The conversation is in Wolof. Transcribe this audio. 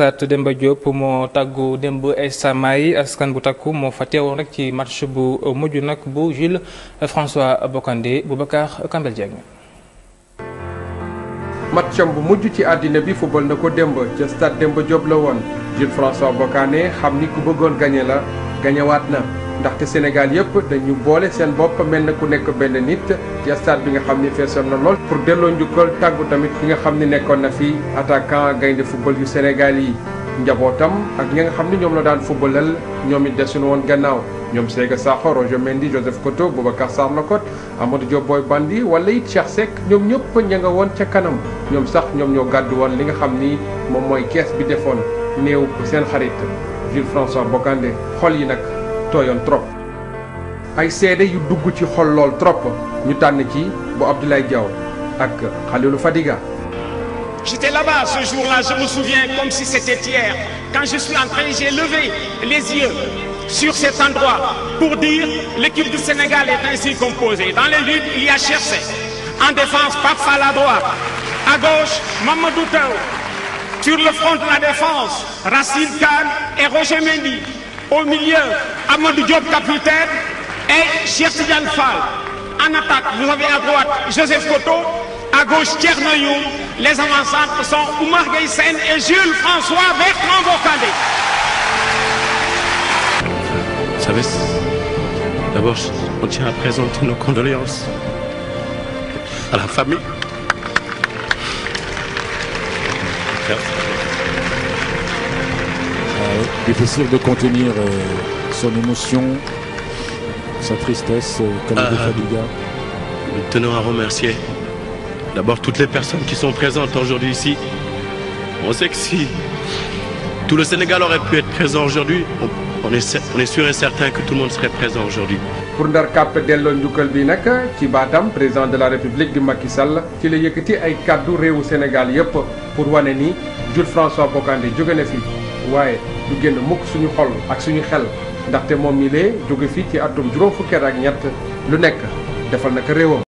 stade Demba Diop bu takku moo fa ci match bu mujj nag bu Jules matcham bu mujj ci àddina bi football na ko démb ca stade Demba la woon Jules François Bocandé xam ni ku bëggoon gañe la gañewaat na. ndaxte Sénégal yëpp dañu boole seen bopp mel na ku nekk benn nit ci stade bi nga xam ni feesoon na lool. pour delloo njukkal tàggu tamit ki nga xam ni nekkoon na fi attaquant gaynde football yu Sénégal yi njabootam ak ñi nga xam ni ñoom la daan footballal ñoom it desuñu woon gannaaw. ñoom Séga Sakho Roger Mendy Joseph Koto Boubacar Sarr Locotte Amadou Diop Boy Bandi wala it Cheikh ñoom ñëpp ña nga woon ca kanam ñoom sax ñoom ñoo gàddu woon li nga xam ni moom mooy kees bi defoon néew seen xarit Jules François Bocandé xol yi nag. tooyoon trop ay seede yu dugg ci xol lool trop ñu tànn ci bu Abdoulaye Diaw ak Khalilou Fadiga. J'étais là-bas ce jour-là, je me souviens comme si c'était hier. Quand je suis entré, j'ai levé les yeux sur cet endroit pour dire l'équipe du Sénégal est ainsi composée. Dans les luttes, il y a Chersey. En défense, Pape droite. À gauche, Mamadou Tao. Sur le front de défense, Racine Kane et Roger Mendy. Au milieu, Amadou Diop, et Cheikh Tidiane Fall. En attaque, vous avez à droite Joseph Koto, à gauche Tchernoyou. Les avançantes sont Oumar Gaysen et Jules François Bertrand Bocandé. Vous savez, d'abord, on tient à présenter nos condoléances à la famille. Merci. Euh, difficile de contenir euh, son émotion, sa tristesse, euh, comme ah, euh, ah. Fadiga. Nous tenons à remercier d'abord toutes les personnes qui sont présentes aujourd'hui ici. On sait que si tout le Sénégal aurait pu être présent aujourd'hui, on est, on certain que tout le monde serait présent aujourd'hui. pour ndar kàpp bi nag ci baatam président de la république di Macky Sall ci la yëkkati ay kàddu réewu Sénégal yépp pour wane ni Jules François Bocandé jóge na waaye du génn mukk suñu xol ak suñu xel ndaxte moom mi lee jóge fii ci atum juróom fukkeer ak ñett lu nekk defal na ko réewam